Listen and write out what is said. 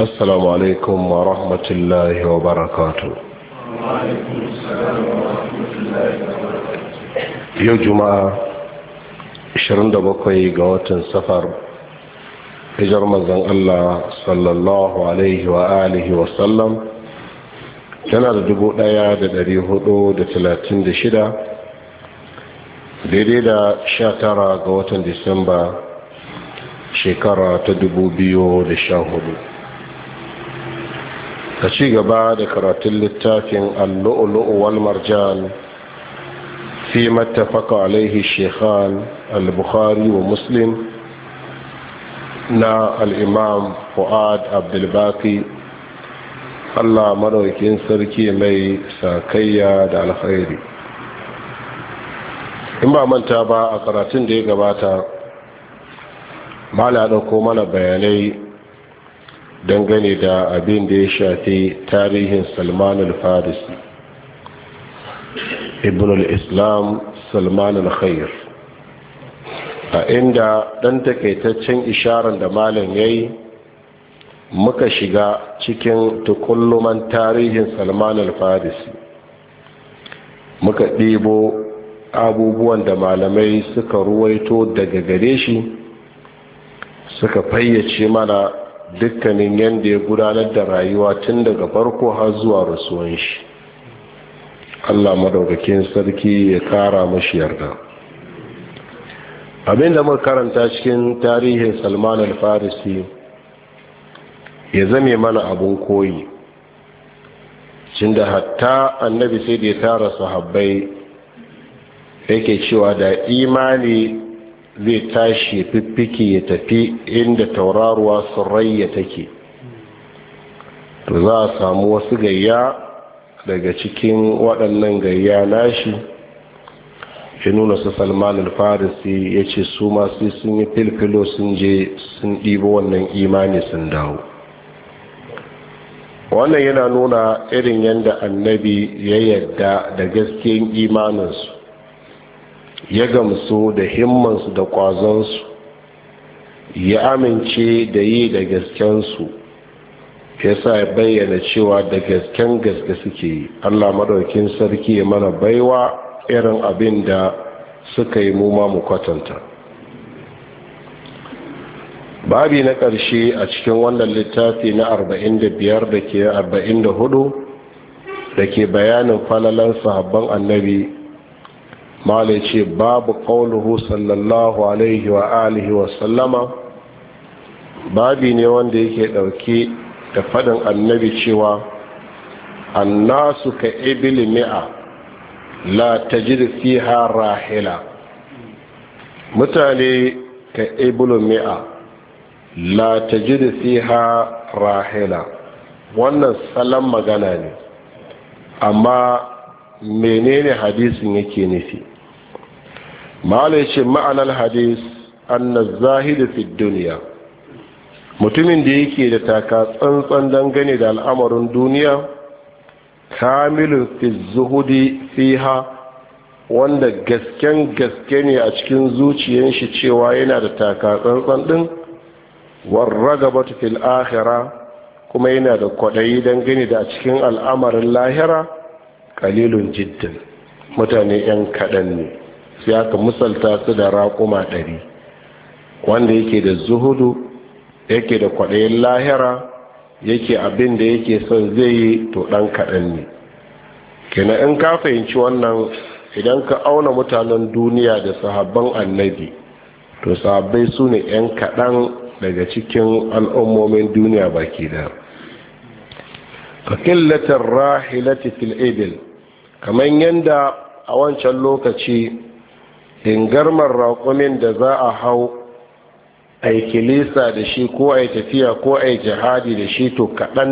السلام عليكم ورحمة الله وبركاته وعليكم السلام 27 ga watan safar hijar manzon Allah sallallahu alaihi wa alihi wa sallam tana da dubu ɗaya da ɗari hudu da talatin da shida daidai da sha tara ga watan disamba shekara ta dubu biyu da sha hudu ka ci gaba da karatun littafin allu'ulu'u wal marjan fi mattafaka alaihi shekhan al-bukhari wa muslim na al'imam fu'ad abdulbaki allah maɗaukin sarki mai sakayya da alkhairi in ba manta ba a karatun da ya gabata ma na ɗauko mana bayanai dangane da abin da ya shafi tarihin salman al-farisi ibn al-islam salman al-khair a inda ɗan takaitaccen isharar da malam ya yi muka shiga cikin tukulluman tarihin salman al-farisi muka ɗibo abubuwan da malamai suka ruwaito daga gare shi suka fayyace mana dukkanin yadda ya gudanar da rayuwa tun daga farko har zuwa rasuwan shi allah madaukakin sarki ya kara mashi yarda abinda muka karanta cikin tarihin salman al-farisi ya zame mana abun koyi Cinda hatta annabi sai da ya tara sahabbai yake cewa da imani zai tashi fiffiki ya tafi inda tauraruwa surayya take to za a samu wasu gayya daga cikin waɗannan gayya nashi ya nuna su salman alfarisi ya ce su masu sun yi filfilo sun je sun ɗibo wannan imani sun dawo wannan yana nuna irin yadda annabi ya yarda da gaskiyan imaninsu ya gamsu da himmansu da kwazansu ya amince da yi da gaskensu ya sa ya bayyana cewa da gasken gaske suke yi allah maɗaukin sarki ya mana baiwa irin abin da suka yi muma mu kwatanta babi na ƙarshe a cikin wannan littafi na 45 da ke 44 da ke bayanin falalan sahabban annabi mala ce babu ƙaunuhu sallallahu alaihi wa alihi wa babi ne wanda yake ɗauke da faɗin annabi cewa annasu ka ibil mi'a la tajid fiha rahila mutane ka ibil mi'a la tajid fiha rahila wannan salon magana ne amma menene hadisin yake nufi malai ce ma'anar hadis anna zahidu fi duniya mutumin da yake da taka tsantsan dangane da al'amarin duniya kamilun fi zuhudi fiha wanda gasken gaske ne a cikin zuciyar shi cewa yana da taka tsantsan din warragabatu fil ahira kuma yana da kwaɗayi dangane da cikin al'amarin lahira kalilun jiddan mutane 'yan kaɗan ne sai aka musalta su da raƙuma ɗari wanda yake da zuhudu yake da kwaɗayin lahira yake abin da yake son zai yi to ɗan kaɗan ne kina in ka fahimci wannan idan ka auna mutanen duniya da sahabban annabi to sahabbai su ne 'yan kaɗan daga cikin al'ummomin duniya baki da ka killatar rahilati fil ibil kamar yadda a wancan lokaci hingarmar raƙumin da za a hau a kilisa da shi ko a tafiya ko a jihadi da shi to kaɗan